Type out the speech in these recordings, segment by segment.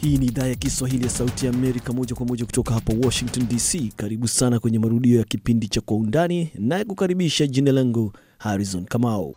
Hii ni idhaa ya Kiswahili ya Sauti ya Amerika, moja kwa moja kutoka hapa Washington DC. Karibu sana kwenye marudio ya kipindi cha Kwa Undani, naye kukaribisha, jina langu Harrison Kamau.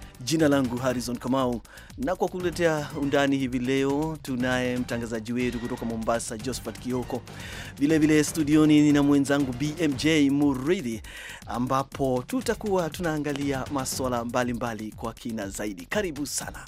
Jina langu Harrison Kamau, na kwa kuletea undani hivi leo tunaye mtangazaji wetu kutoka Mombasa, Josephat Kioko, vilevile studioni nina mwenzangu BMJ Muridhi, ambapo tutakuwa tunaangalia maswala mbalimbali kwa kina zaidi. Karibu sana.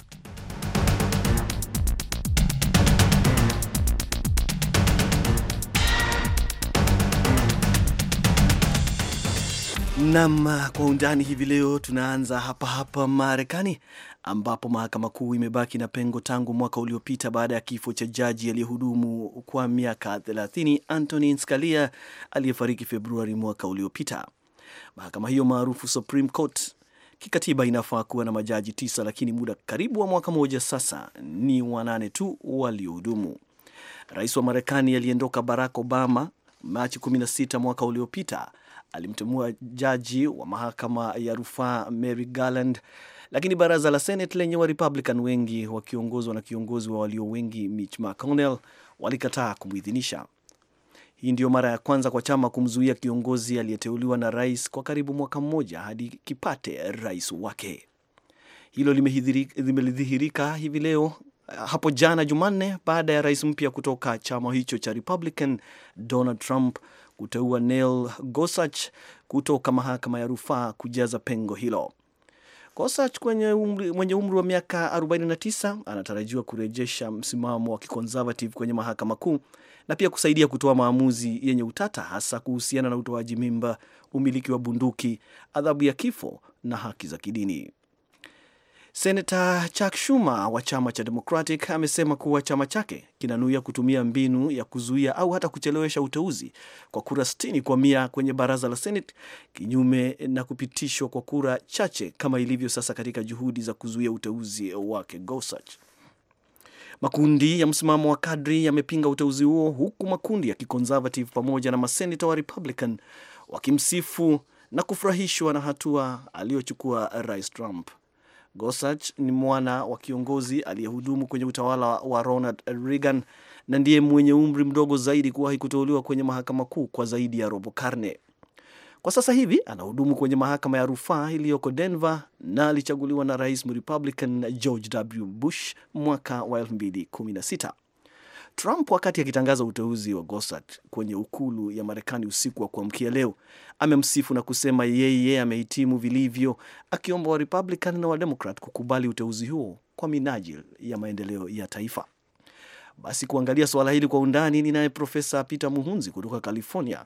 Nam kwa undani hivi leo, tunaanza hapa hapa Marekani ambapo mahakama kuu imebaki na pengo tangu mwaka uliopita baada ya kifo cha jaji aliyehudumu kwa miaka 30 Antonin Scalia aliyefariki Februari mwaka uliopita. Mahakama hiyo maarufu Supreme Court kikatiba inafaa kuwa na majaji tisa, lakini muda karibu wa mwaka mmoja sasa ni wanane tu waliohudumu. Rais wa Marekani aliyeondoka Barack Obama Machi 16 mwaka uliopita alimtumua jaji wa mahakama ya rufaa Mary Garland, lakini baraza la Senate lenye wa Republican wengi wakiongozwa na kiongozi wa walio wengi Mitch McConnell walikataa kumwidhinisha Hii ndiyo mara ya kwanza kwa chama kumzuia kiongozi aliyeteuliwa na rais kwa karibu mwaka mmoja hadi kipate rais wake. Hilo limelidhihirika hivi leo eh, hapo jana Jumanne baada ya rais mpya kutoka chama hicho cha Republican Donald Trump kuteua Neil Gorsuch kutoka mahakama ya rufaa kujaza pengo hilo. Gorsuch mwenye umri wa miaka 49 anatarajiwa kurejesha msimamo wa kiconservative kwenye mahakama kuu na pia kusaidia kutoa maamuzi yenye utata, hasa kuhusiana na utoaji mimba, umiliki wa bunduki, adhabu ya kifo na haki za kidini. Senata Chuck Schumer wa chama cha Democratic amesema kuwa chama chake kinanuia kutumia mbinu ya kuzuia au hata kuchelewesha uteuzi kwa kura 60 kwa mia kwenye baraza la Senate, kinyume na kupitishwa kwa kura chache kama ilivyo sasa, katika juhudi za kuzuia uteuzi wake Gorsuch. Makundi ya msimamo wa kadri yamepinga uteuzi huo, huku makundi ya kiconservative pamoja na maseneta wa Republican wakimsifu na kufurahishwa na hatua aliyochukua Rais Trump gosach ni mwana wa kiongozi aliyehudumu kwenye utawala wa Ronald Reagan na ndiye mwenye umri mdogo zaidi kuwahi kuteuliwa kwenye mahakama kuu kwa zaidi ya robo karne. Kwa sasa hivi anahudumu kwenye mahakama ya rufaa iliyoko Denver na alichaguliwa na rais Mrepublican George W. Bush mwaka wa 2016. Trump wakati akitangaza uteuzi wa Gossett kwenye ukulu ya Marekani usiku wa kuamkia leo amemsifu na kusema yeye amehitimu vilivyo, akiomba wa Republican na wa Democrat kukubali uteuzi huo kwa minajili ya maendeleo ya taifa. Basi kuangalia suala hili kwa undani, ninaye Profesa Peter Muhunzi kutoka California.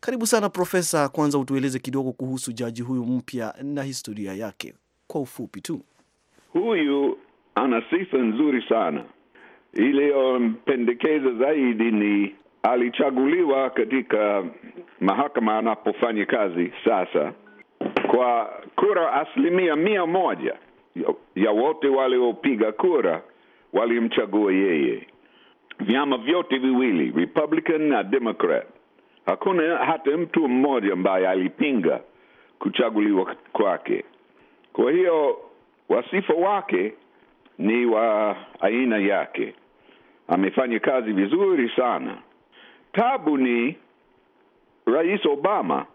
Karibu sana Profesa, kwanza utueleze kidogo kuhusu jaji huyu mpya na historia yake kwa ufupi tu. Huyu ana sifa nzuri sana iliyompendekeza um, zaidi ni alichaguliwa katika mahakama anapofanya kazi sasa kwa kura asilimia mia moja ya wote waliopiga kura walimchagua yeye, vyama vyote viwili, Republican na Democrat. Hakuna hata mtu mmoja ambaye alipinga kuchaguliwa kwake. Kwa hiyo wasifa wake ni wa aina yake amefanya kazi vizuri sana. Tabu ni Rais Obama,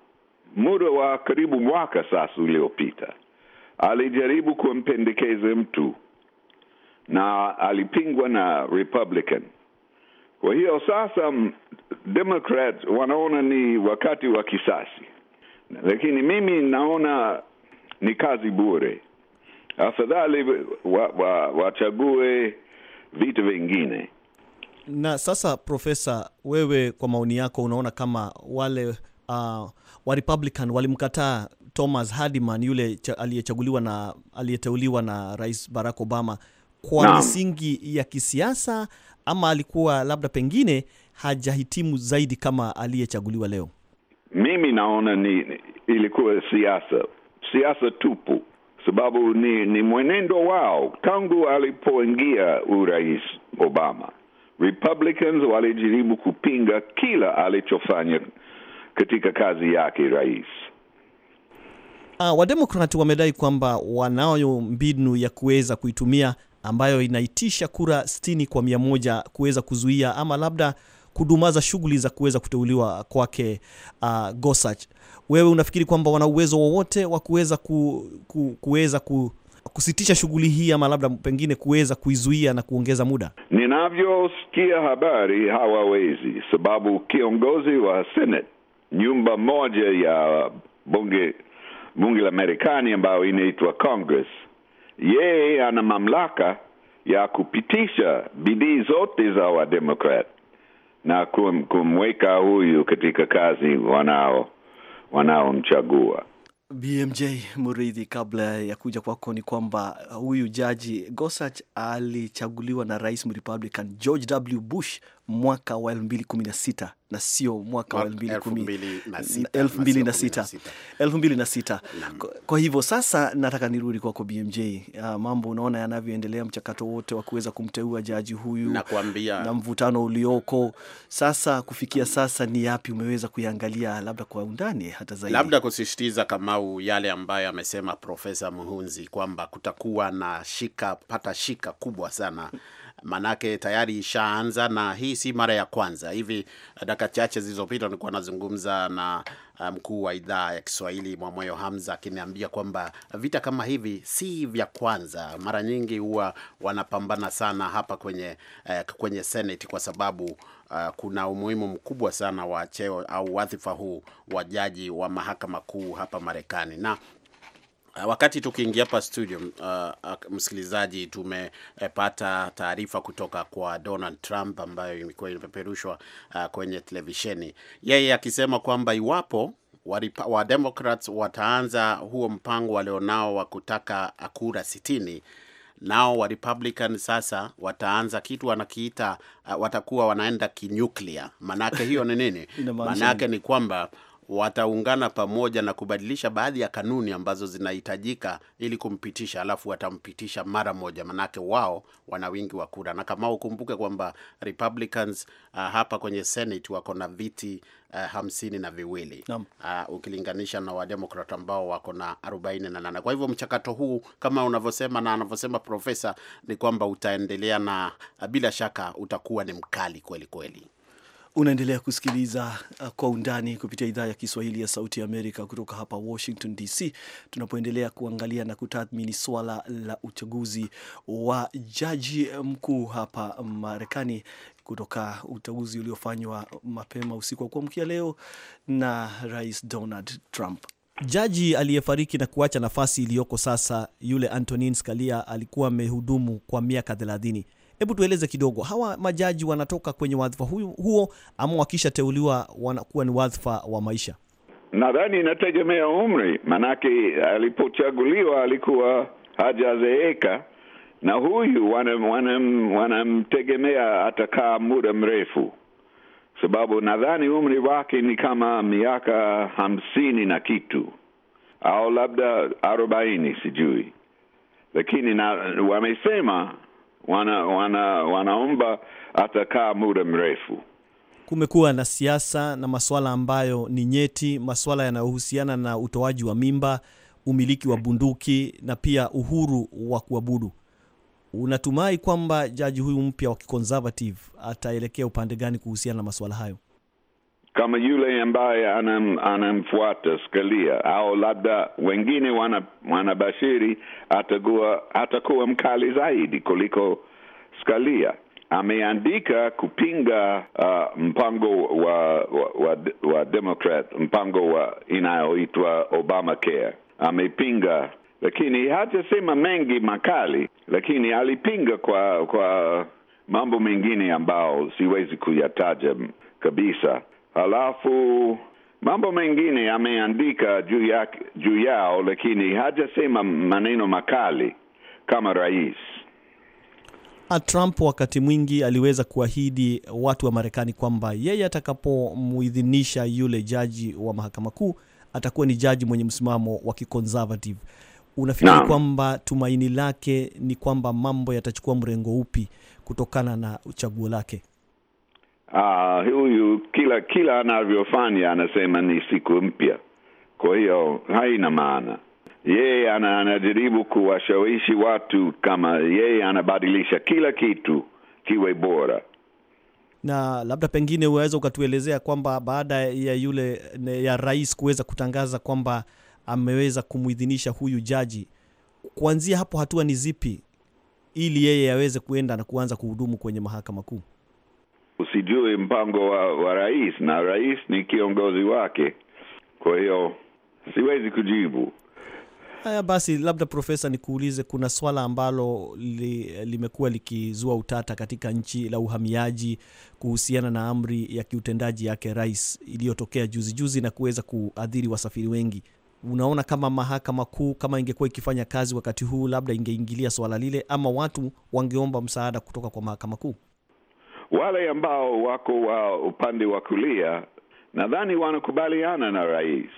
muda wa karibu mwaka sasa uliopita, alijaribu kumpendekeza mtu na alipingwa na Republican. Kwa hiyo sasa Democrats wanaona ni wakati wa kisasi, lakini mimi naona ni kazi bure. Afadhali wachague wa, wa vitu vingine. Na sasa Profesa, wewe kwa maoni yako unaona kama wale uh, wa Republican walimkataa Thomas Hardiman yule aliyechaguliwa na aliyeteuliwa na Rais Barack Obama kwa no. misingi ya kisiasa ama alikuwa labda pengine hajahitimu zaidi kama aliyechaguliwa leo? Mimi naona ni ilikuwa siasa, siasa tupu, sababu ni, ni mwenendo wao tangu alipoingia urais Obama Republicans walijaribu kupinga kila alichofanya katika kazi yake rais. Uh, Wademokrati wamedai kwamba wanayo mbinu ya kuweza kuitumia ambayo inaitisha kura sitini kwa mia moja kuweza kuzuia ama labda kudumaza shughuli za kuweza kuteuliwa kwake uh, ah, Gosach. Wewe unafikiri kwamba wana uwezo wowote wa kuweza ku, ku, kuweza ku kusitisha shughuli hii ama labda pengine kuweza kuizuia na kuongeza muda? Ninavyosikia habari hawawezi, sababu kiongozi wa Senate, nyumba moja ya bunge bunge la Marekani ambayo inaitwa Congress, yeye ana mamlaka ya kupitisha bidii zote za Wademokrat na kum, kumweka huyu katika kazi wanao wanaomchagua. BMJ Muridhi, kabla ya kuja kwako ni kwamba uh, huyu jaji Gosach alichaguliwa na rais Mrepublican George W. Bush mwaka wa kumi na sio mwaka wa sita Kwa hivyo sasa nataka nirudi kwako BMJ. Uh, ah, mambo unaona yanavyoendelea, mchakato wote wa kuweza kumteua jaji huyu na, na mvutano ulioko sasa, kufikia sasa ni yapi umeweza kuiangalia labda kwa undani hata zaidi? Labda kusisitiza Kamau yale ambayo amesema Profesa Muhunzi kwamba kutakuwa na shika pata shika kubwa sana manake tayari ishaanza, na hii si mara ya kwanza. Hivi eh, dakika chache zilizopita nilikuwa nazungumza na eh, mkuu wa idhaa ya Kiswahili Mwamoyo Hamza akiniambia kwamba vita kama hivi si vya kwanza. Mara nyingi huwa wanapambana sana hapa kwenye, eh, kwenye Senate kwa sababu Uh, kuna umuhimu mkubwa sana wa cheo au wadhifa huu wa jaji wa mahakama kuu hapa Marekani, na Eh, wakati tukiingia hapa studio, uh, msikilizaji, tumepata taarifa kutoka kwa Donald Trump ambayo imekuwa inapeperushwa uh, ah, kwenye televisheni, yeye akisema kwamba iwapo Wademokrat wa wataanza huo mpango walionao wa kutaka kura sitini nao wa Republican sasa wataanza kitu wanakiita uh, watakuwa wanaenda kinyuklia. Manake hiyo ni nini? Manake ni kwamba wataungana pamoja na kubadilisha baadhi ya kanuni ambazo zinahitajika ili kumpitisha, alafu watampitisha mara moja, manake wao wana wingi wa kura. Na kama ukumbuke kwamba Republicans uh, hapa kwenye Senate wako na viti uh, hamsini na viwili uh, ukilinganisha na Wademokrat ambao wako na arobaini na nane. Kwa hivyo mchakato huu kama unavyosema na anavyosema profesa ni kwamba utaendelea na uh, bila shaka utakuwa ni mkali kweli kweli. Unaendelea kusikiliza uh, kwa undani kupitia idhaa ya Kiswahili ya Sauti ya Amerika kutoka hapa Washington DC, tunapoendelea kuangalia na kutathmini swala la uchaguzi wa jaji mkuu hapa Marekani kutoka uchaguzi uliofanywa mapema usiku wa kuamkia leo na Rais Donald Trump. Jaji aliyefariki na kuacha nafasi iliyoko sasa, yule Antonin Scalia, alikuwa amehudumu kwa miaka thelathini Hebu tueleze kidogo, hawa majaji wanatoka kwenye wadhifa huyu, huo ama wakishateuliwa wanakuwa ni wadhifa wa maisha? Nadhani inategemea umri, manake alipochaguliwa alikuwa hajazeeka na huyu wanamtegemea atakaa muda mrefu, sababu nadhani umri wake ni kama miaka hamsini na kitu au labda arobaini, sijui, lakini wamesema wana, wana, wanaomba atakaa muda mrefu. Kumekuwa na siasa na masuala ambayo ni nyeti, masuala yanayohusiana na utoaji wa mimba, umiliki wa bunduki na pia uhuru wa kuabudu. Unatumai kwamba jaji huyu mpya wa kiconservative ataelekea upande gani kuhusiana na masuala hayo? kama yule ambaye anam, anamfuata Skalia au labda wengine wana, wanabashiri atakuwa, atakuwa mkali zaidi kuliko Skalia. Ameandika kupinga uh, mpango wa, wa, wa, wa Democrat, mpango wa inayoitwa Obamacare amepinga, lakini hajasema mengi makali, lakini alipinga kwa kwa mambo mengine ambao siwezi kuyataja kabisa halafu mambo mengine ameandika juu ya, juu yao, lakini hajasema maneno makali kama rais. Ah, Trump wakati mwingi aliweza kuahidi watu wa Marekani kwamba yeye atakapomuidhinisha yule jaji wa mahakama kuu atakuwa ni jaji mwenye msimamo wa kiconservative. Unafikiri no. kwamba tumaini lake ni kwamba mambo yatachukua mrengo upi kutokana na chaguo lake? uh, huyu kila kila anavyofanya anasema ni siku mpya, kwa hiyo haina maana. Yeye ana, anajaribu kuwashawishi watu kama yeye anabadilisha kila kitu kiwe bora na labda pengine unaweza ukatuelezea kwamba baada ya yule ya rais kuweza kutangaza kwamba ameweza kumwidhinisha huyu jaji, kuanzia hapo hatua ni zipi ili yeye aweze kuenda na kuanza kuhudumu kwenye mahakama kuu? usijui mpango wa, wa rais na rais ni kiongozi wake. Kwa hiyo siwezi kujibu haya. Basi labda Profesa, nikuulize, kuna swala ambalo li, limekuwa likizua utata katika nchi la uhamiaji kuhusiana na amri ya kiutendaji yake rais iliyotokea juzi juzi na kuweza kuadhiri wasafiri wengi. Unaona kama mahakama kuu kama ingekuwa ikifanya kazi wakati huu, labda ingeingilia swala lile, ama watu wangeomba msaada kutoka kwa mahakama kuu? Wale ambao wako wa upande wa kulia nadhani wanakubaliana na rais,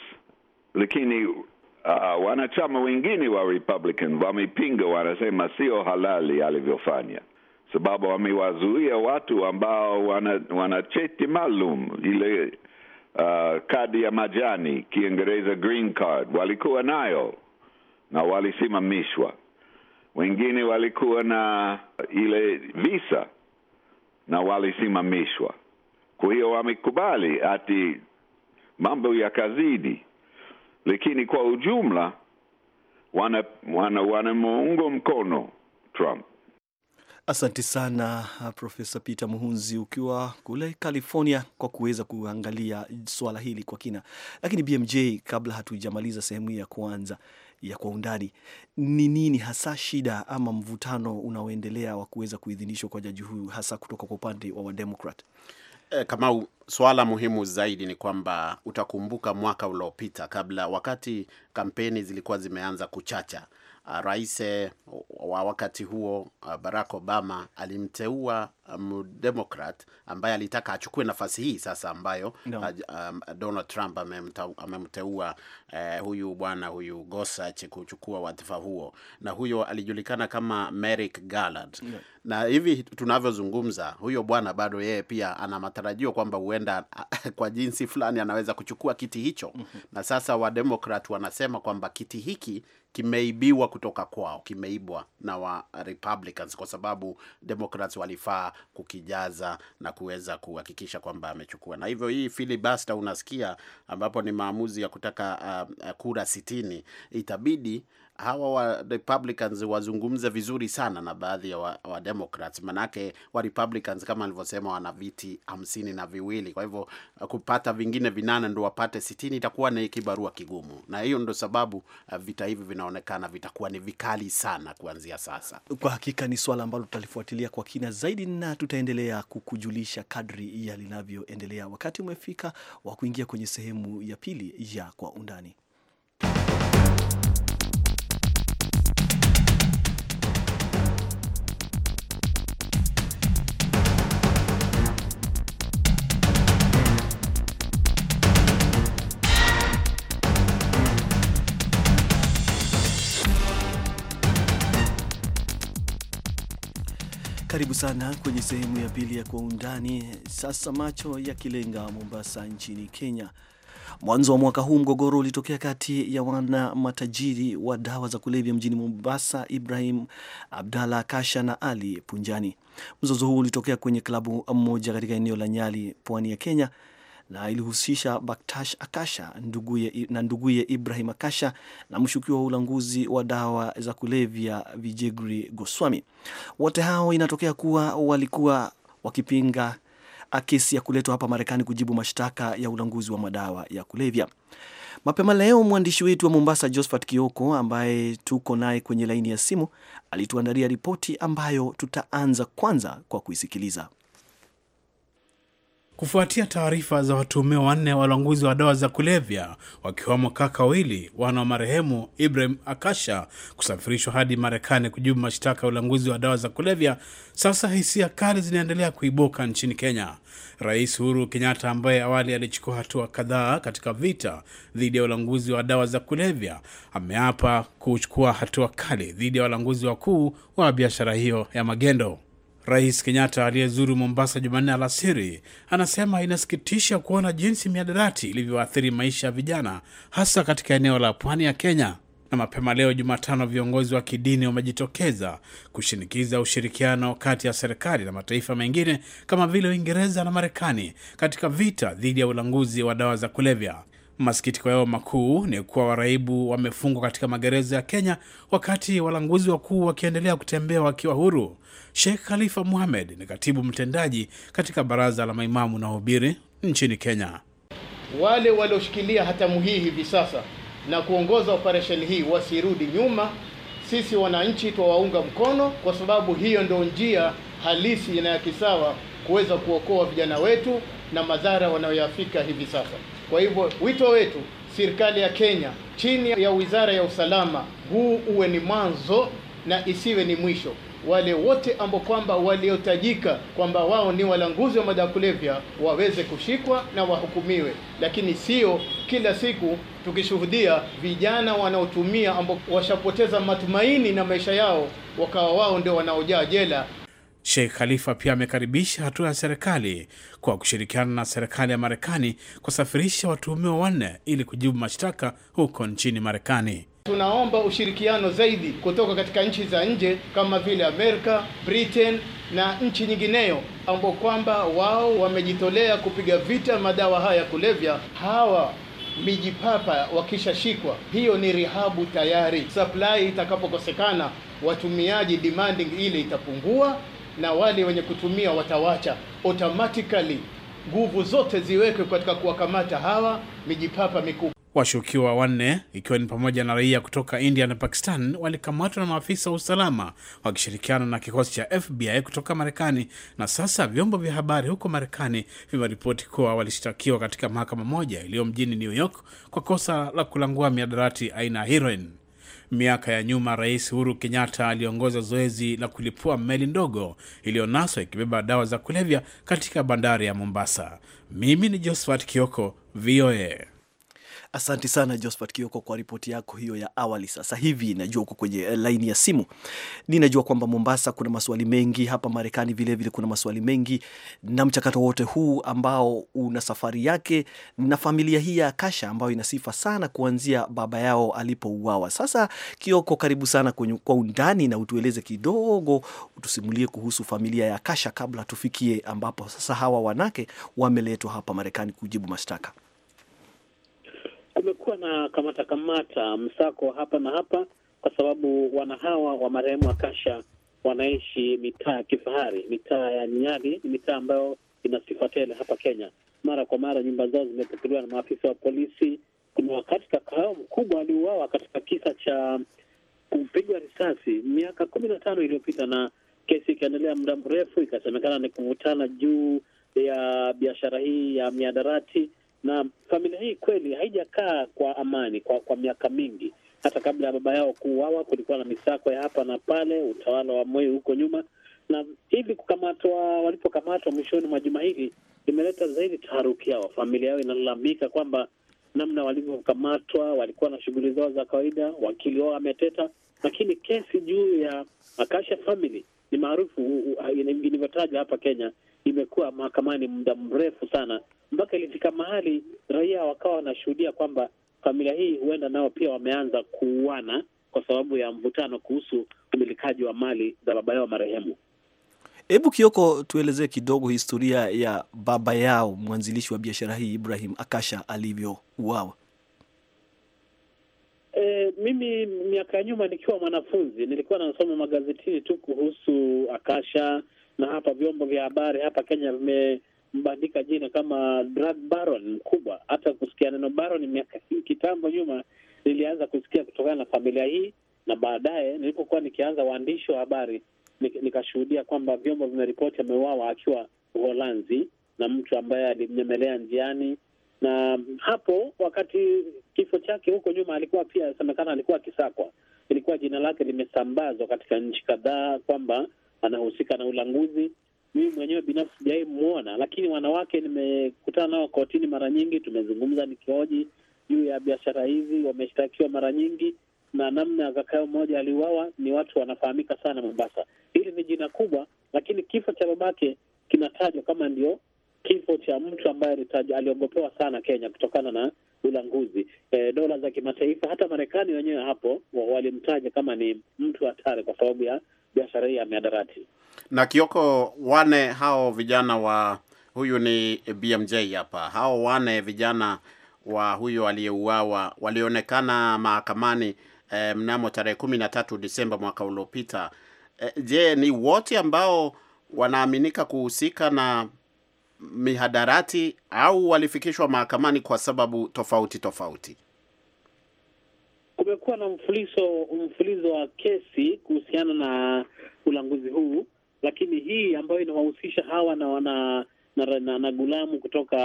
lakini uh, wanachama wengine wa Republican wamepinga, wanasema sio halali alivyofanya, sababu wamewazuia watu ambao wana, wana cheti maalum ile uh, kadi ya majani Kiingereza green card walikuwa nayo na walisimamishwa. Wengine walikuwa na ile visa na walisimamishwa. Kwa hiyo wamekubali ati mambo yakazidi, lakini kwa ujumla wana, wana, mkono Trump. Asante sana uh, Profesa Peter Muhunzi ukiwa kule California kwa kuweza kuangalia swala hili kwa kina. Lakini BMJ, kabla hatujamaliza sehemu hii ya kwanza ya kwa undani. Ni nini hasa shida ama mvutano unaoendelea wa kuweza kuidhinishwa kwa jaji huyu hasa kutoka kwa upande wa Wademokrat? E, eh, kama swala muhimu zaidi ni kwamba utakumbuka mwaka uliopita, kabla wakati kampeni zilikuwa zimeanza kuchacha, Uh, rais uh, wa wakati huo uh, Barack Obama alimteua mdemokrat um, ambaye alitaka achukue nafasi hii sasa ambayo no. Um, Donald Trump amemteua eh, huyu bwana huyu Gosach kuchukua wadhifa huo, na huyo alijulikana kama Merrick Garland no. Na hivi tunavyozungumza, huyo bwana bado yeye pia ana matarajio kwamba huenda kwa jinsi fulani anaweza kuchukua kiti hicho mm -hmm. Na sasa wademokrat wanasema kwamba kiti hiki kimeibiwa kutoka kwao, kimeibwa na wa Republicans kwa sababu Democrats walifaa kukijaza na kuweza kuhakikisha kwamba amechukua. Na hivyo hii filibuster unasikia, ambapo ni maamuzi ya kutaka uh, uh kura sitini itabidi hawa wa Republicans wazungumze vizuri sana na baadhi ya wa, wa Democrats, manake wa Republicans kama alivyosema wana viti hamsini na viwili, kwa hivyo uh, kupata vingine vinane ndo wapate sitini itakuwa ni kibarua kigumu, na hiyo ndo sababu uh, vita hivi vinaonekana vitakuwa ni vikali sana kuanzia sasa. Kwa hakika ni swala ambalo tutalifuatilia kwa kina zaidi na tutaendelea kukujulisha kadri ya linavyoendelea. Wakati umefika wa kuingia kwenye sehemu ya pili ya Kwa Undani. Karibu sana kwenye sehemu ya pili ya Kwa Undani. Sasa macho yakilenga Mombasa nchini Kenya. Mwanzo wa mwaka huu mgogoro ulitokea kati ya wana matajiri wa dawa za kulevya mjini Mombasa, Ibrahim Abdallah Kasha na Ali Punjani. Mzozo huu ulitokea kwenye klabu mmoja katika eneo la Nyali, pwani ya Kenya, na ilihusisha Baktash Akasha nduguye, na nduguye Ibrahim Akasha na mshukiwa wa ulanguzi wa dawa za kulevya Vijegri Goswami. Wote hao inatokea kuwa walikuwa wakipinga kesi ya kuletwa hapa Marekani kujibu mashtaka ya ulanguzi wa madawa ya kulevya. Mapema leo mwandishi wetu wa Mombasa, Josphat Kioko, ambaye tuko naye kwenye laini ya simu, alituandalia ripoti ambayo tutaanza kwanza kwa kuisikiliza. Kufuatia taarifa za watuhumiwa wanne walanguzi wa dawa za kulevya wakiwamo kaka wawili wana wa marehemu Ibrahim Akasha kusafirishwa hadi Marekani kujibu mashtaka ya ulanguzi wa dawa za kulevya, sasa hisia kali zinaendelea kuibuka nchini Kenya. Rais huru Kenyatta ambaye awali alichukua hatua kadhaa katika vita dhidi ya ulanguzi wa dawa za kulevya ameapa kuchukua hatua kali dhidi ya walanguzi wakuu wa biashara hiyo ya magendo. Rais Kenyatta aliyezuru Mombasa Jumanne alasiri anasema inasikitisha kuona jinsi miadarati ilivyoathiri maisha ya vijana hasa katika eneo la pwani ya Kenya. Na mapema leo Jumatano, viongozi wa kidini wamejitokeza kushinikiza ushirikiano kati ya serikali na mataifa mengine kama vile Uingereza na Marekani katika vita dhidi ya ulanguzi wa dawa za kulevya. Masikitiko yao makuu ni kuwa waraibu wamefungwa katika magereza ya Kenya, wakati walanguzi wakuu wakiendelea kutembea wakiwa huru. Sheikh Khalifa Muhamed ni katibu mtendaji katika baraza la maimamu na wahubiri nchini Kenya. Wale walioshikilia hatamu hii hivi sasa na kuongoza operesheni hii wasirudi nyuma. Sisi wananchi twawaunga mkono, kwa sababu hiyo ndio njia halisi na ya kisawa kuweza kuokoa vijana wetu na madhara wanayoyafika hivi sasa. Kwa hivyo wito wetu, serikali ya Kenya chini ya wizara ya usalama, huu uwe ni mwanzo na isiwe ni mwisho. Wale wote ambao kwamba waliotajika kwamba wao ni walanguzi wa madawa kulevya waweze kushikwa na wahukumiwe, lakini sio kila siku tukishuhudia vijana wanaotumia ambao washapoteza matumaini na maisha yao wakawa wao ndio wanaojaa jela Sheikh Khalifa pia amekaribisha hatua ya serikali kwa kushirikiana na serikali ya Marekani kusafirisha watuhumiwa wanne ili kujibu mashtaka huko nchini Marekani. Tunaomba ushirikiano zaidi kutoka katika nchi za nje kama vile Amerika, Britain na nchi nyingineyo ambao kwamba wao wamejitolea kupiga vita madawa haya ya kulevya. Hawa mijipapa wakishashikwa, hiyo ni rihabu tayari. Supply itakapokosekana, watumiaji demanding ile itapungua na wale wenye kutumia watawacha automatically. Nguvu zote ziwekwe katika kuwakamata hawa mijipapa mikubwa. Washukiwa wanne ikiwa ni pamoja na raia kutoka India na Pakistan walikamatwa na maafisa wa usalama wakishirikiana na kikosi cha FBI kutoka Marekani, na sasa vyombo vya habari huko Marekani vimeripoti kuwa walishtakiwa katika mahakama moja iliyo mjini New York kwa kosa la kulangua miadarati aina ya heroin. Miaka ya nyuma, Rais Uhuru Kenyatta aliongoza zoezi la kulipua meli ndogo iliyonaswa ikibeba dawa za kulevya katika bandari ya Mombasa. Mimi ni Josephat Kioko, VOA asanti sana Josphat Kioko kwa ripoti yako hiyo ya awali. Sasa hivi najua uko kwenye eh, laini ya simu. Ninajua kwamba Mombasa kuna maswali mengi, hapa Marekani vilevile kuna maswali mengi, na mchakato wote huu ambao una safari yake na familia hii ya Akasha ambayo ina sifa sana kuanzia baba yao alipouawa. Sasa Kioko, karibu sana kwenye kwa undani, na utueleze kidogo, utusimulie kuhusu familia ya Akasha kabla tufikie ambapo sasa hawa wanake wameletwa hapa Marekani kujibu mashtaka kumekuwa na kamata kamata, msako hapa na hapa, kwa sababu wana hawa wa marehemu Akasha wanaishi mitaa ya kifahari, mitaa ya Nyali, mitaa ambayo ina sifa tele hapa Kenya. Mara kwa mara nyumba zao zimepukuliwa na maafisa wa polisi. Kuna wakati kaka yao mkubwa aliuawa katika kisa cha kupigwa risasi miaka kumi na tano iliyopita, na kesi ikaendelea muda mrefu, ikasemekana ni kuvutana juu ya biashara hii ya miadarati na familia hii kweli haijakaa kwa amani kwa, kwa miaka mingi. Hata kabla ya baba yao kuuawa, kulikuwa na misako ya hapa na pale, utawala wa Moi huko nyuma, na hivi kukamatwa, walipokamatwa mwishoni mwa juma hili imeleta zaidi taharuki yao. Familia yao inalalamika kwamba namna walivyokamatwa, walikuwa na shughuli zao za kawaida, wakili wao ameteta, lakini kesi juu ya Akasha family ni maarufu uh, uh, ilivyotaja hapa Kenya imekuwa mahakamani muda mrefu sana, mpaka ilifika mahali raia wakawa wanashuhudia kwamba familia hii huenda nao pia wameanza kuuana kwa sababu ya mvutano kuhusu umilikaji wa mali za baba yao marehemu. Hebu Kioko, tuelezee kidogo historia ya baba yao mwanzilishi wa biashara hii Ibrahim Akasha alivyouawa. E, mimi miaka ya nyuma nikiwa mwanafunzi nilikuwa nasoma magazetini tu kuhusu Akasha na hapa vyombo vya habari hapa Kenya vimembandika jina kama drug baron mkubwa. Hata kusikia neno baron miaka kitambo nyuma nilianza kusikia kutokana na familia hii, na baadaye nilipokuwa nikianza waandishi wa habari nikashuhudia kwamba vyombo vimeripoti ameuawa akiwa Uholanzi na mtu ambaye alimnyemelea njiani. Na hapo wakati kifo chake huko nyuma, alikuwa pia semekana alikuwa akisakwa, ilikuwa jina lake limesambazwa katika nchi kadhaa kwamba anahusika na ulanguzi. Mimi mwenyewe binafsi sijawahi mwona, lakini wanawake nimekutana nao kotini mara nyingi, tumezungumza nikioji juu ya biashara hizi, wameshtakiwa mara nyingi na namna kakao mmoja aliuawa. Ni watu wanafahamika sana Mombasa. Hili ni jina kubwa, lakini kifo cha babake kinatajwa kama ndio kifo cha mtu ambaye aliogopewa sana Kenya kutokana na ulanguzi. E, dola za kimataifa hata Marekani wenyewe hapo walimtaja kama ni mtu hatari kwa sababu ya biashara hii ya miadarati. Na Kioko, wane hao vijana wa huyu ni BMJ hapa, hao wane vijana wa huyo aliyeuawa walionekana mahakamani eh, mnamo tarehe kumi na tatu Disemba mwaka uliopita. Eh, je, ni wote ambao wanaaminika kuhusika na mihadarati au walifikishwa mahakamani kwa sababu tofauti tofauti? kumekuwa na mfulizo mfulizo wa kesi kuhusiana na ulanguzi huu, lakini hii ambayo inawahusisha hawa na wana na, na, na, na gulamu kutoka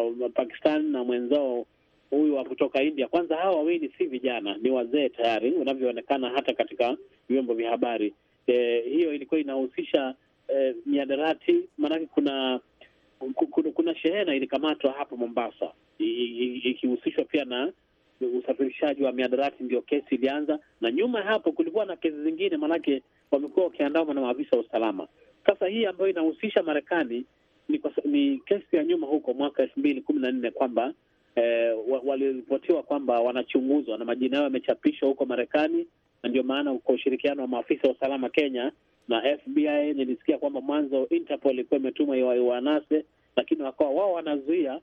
uh, Pakistan na mwenzao huyu wa kutoka India. Kwanza hawa wawili si vijana, ni wazee tayari unavyoonekana hata katika vyombo vya habari. E, hiyo ilikuwa inahusisha e, miadarati, maanake kuna kuna, kuna shehena ilikamatwa hapa Mombasa ikihusishwa pia na usafirishaji wa miadarati ndio kesi ilianza, na nyuma ya hapo kulikuwa na kesi zingine, maanake wamekuwa wakiandama na maafisa wa usalama. Sasa hii ambayo inahusisha Marekani ni, ni kesi ya nyuma huko mwaka elfu mbili kumi na nne kwamba eh, waliripotiwa kwamba wanachunguzwa na majina yao yamechapishwa huko Marekani, na ndio maana kwa ushirikiano wa maafisa wa usalama Kenya na FBI nilisikia kwamba mwanzo Interpol ilikuwa imetuma iwaanase, lakini wakawa wao wanazuia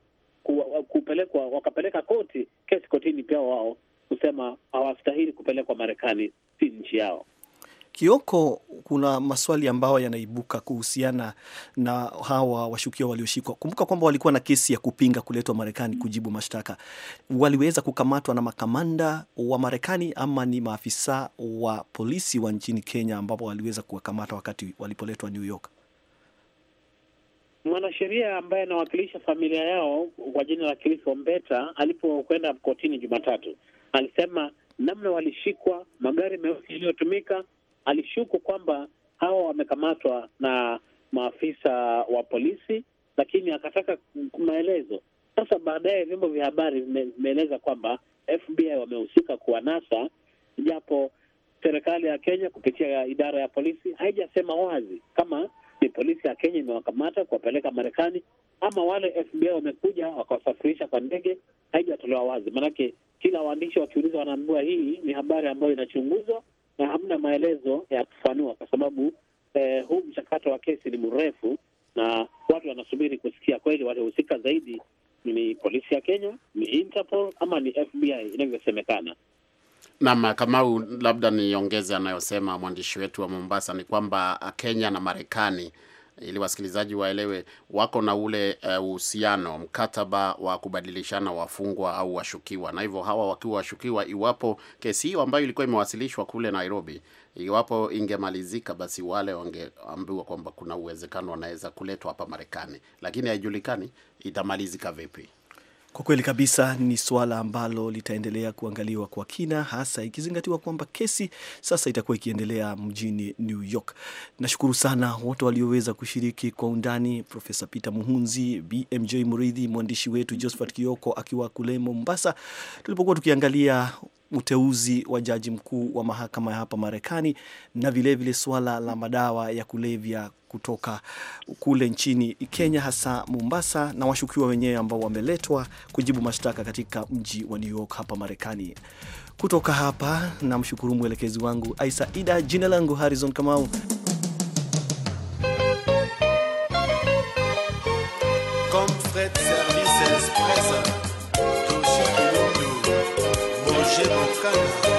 kupelekwa wakapeleka koti kesi kotini pia wao kusema hawastahili kupelekwa Marekani, si nchi yao. Kioko, kuna maswali ambayo yanaibuka kuhusiana na hawa washukiwa walioshikwa. Kumbuka kwamba walikuwa na kesi ya kupinga kuletwa Marekani kujibu mashtaka. Waliweza kukamatwa na makamanda wa Marekani ama ni maafisa wa polisi wa nchini Kenya, ambapo waliweza kuwakamata wakati walipoletwa New York? mwanasheria ambaye anawakilisha familia yao kwa jina la kilifo mbeta alipokwenda kotini Jumatatu alisema namna walishikwa, magari meusi yaliyotumika, alishuku kwamba hawa wamekamatwa na maafisa wa polisi, lakini akataka maelezo. Sasa baadaye vyombo vya habari vimeeleza kwamba FBI wamehusika kuwanasa, japo serikali ya Kenya kupitia idara ya polisi haijasema wazi kama ni polisi ya Kenya imewakamata kuwapeleka Marekani, ama wale FBI wamekuja wakawasafirisha kwa ndege, haijatolewa wazi. Maanake kila waandishi wakiuliza, wanaambiwa hii ni habari ambayo inachunguzwa na hamna maelezo ya kufanua, kwa sababu eh, huu mchakato wa kesi ni mrefu na watu wanasubiri kusikia kweli waliohusika zaidi ni polisi ya Kenya, ni Interpol ama ni FBI inavyosemekana. Naam, Kamau, labda niongeze anayosema mwandishi wetu wa Mombasa ni kwamba uh, Kenya na Marekani ili wasikilizaji waelewe, wako na ule uh, uhusiano, mkataba wa kubadilishana wafungwa au washukiwa, na hivyo hawa wakiwa washukiwa, iwapo kesi hiyo ambayo ilikuwa imewasilishwa kule Nairobi, iwapo ingemalizika, basi wale wangeambiwa kwamba kuna uwezekano wanaweza kuletwa hapa Marekani, lakini haijulikani itamalizika vipi. Kwa kweli kabisa ni suala ambalo litaendelea kuangaliwa kwa kina, hasa ikizingatiwa kwamba kesi sasa itakuwa ikiendelea mjini New York. Nashukuru sana wote walioweza kushiriki kwa undani, Profesa Peter Muhunzi, BMJ Muridhi, mwandishi wetu Josephat Kioko akiwa kule Mombasa, tulipokuwa tukiangalia uteuzi wa jaji mkuu wa mahakama ya hapa Marekani na vilevile suala la madawa ya kulevya kutoka kule nchini Kenya, hasa Mombasa, na washukiwa wenyewe ambao wameletwa kujibu mashtaka katika mji wa New York hapa Marekani. Kutoka hapa namshukuru mwelekezi wangu Aisa Ida. Jina langu Harrison Kamau. canción.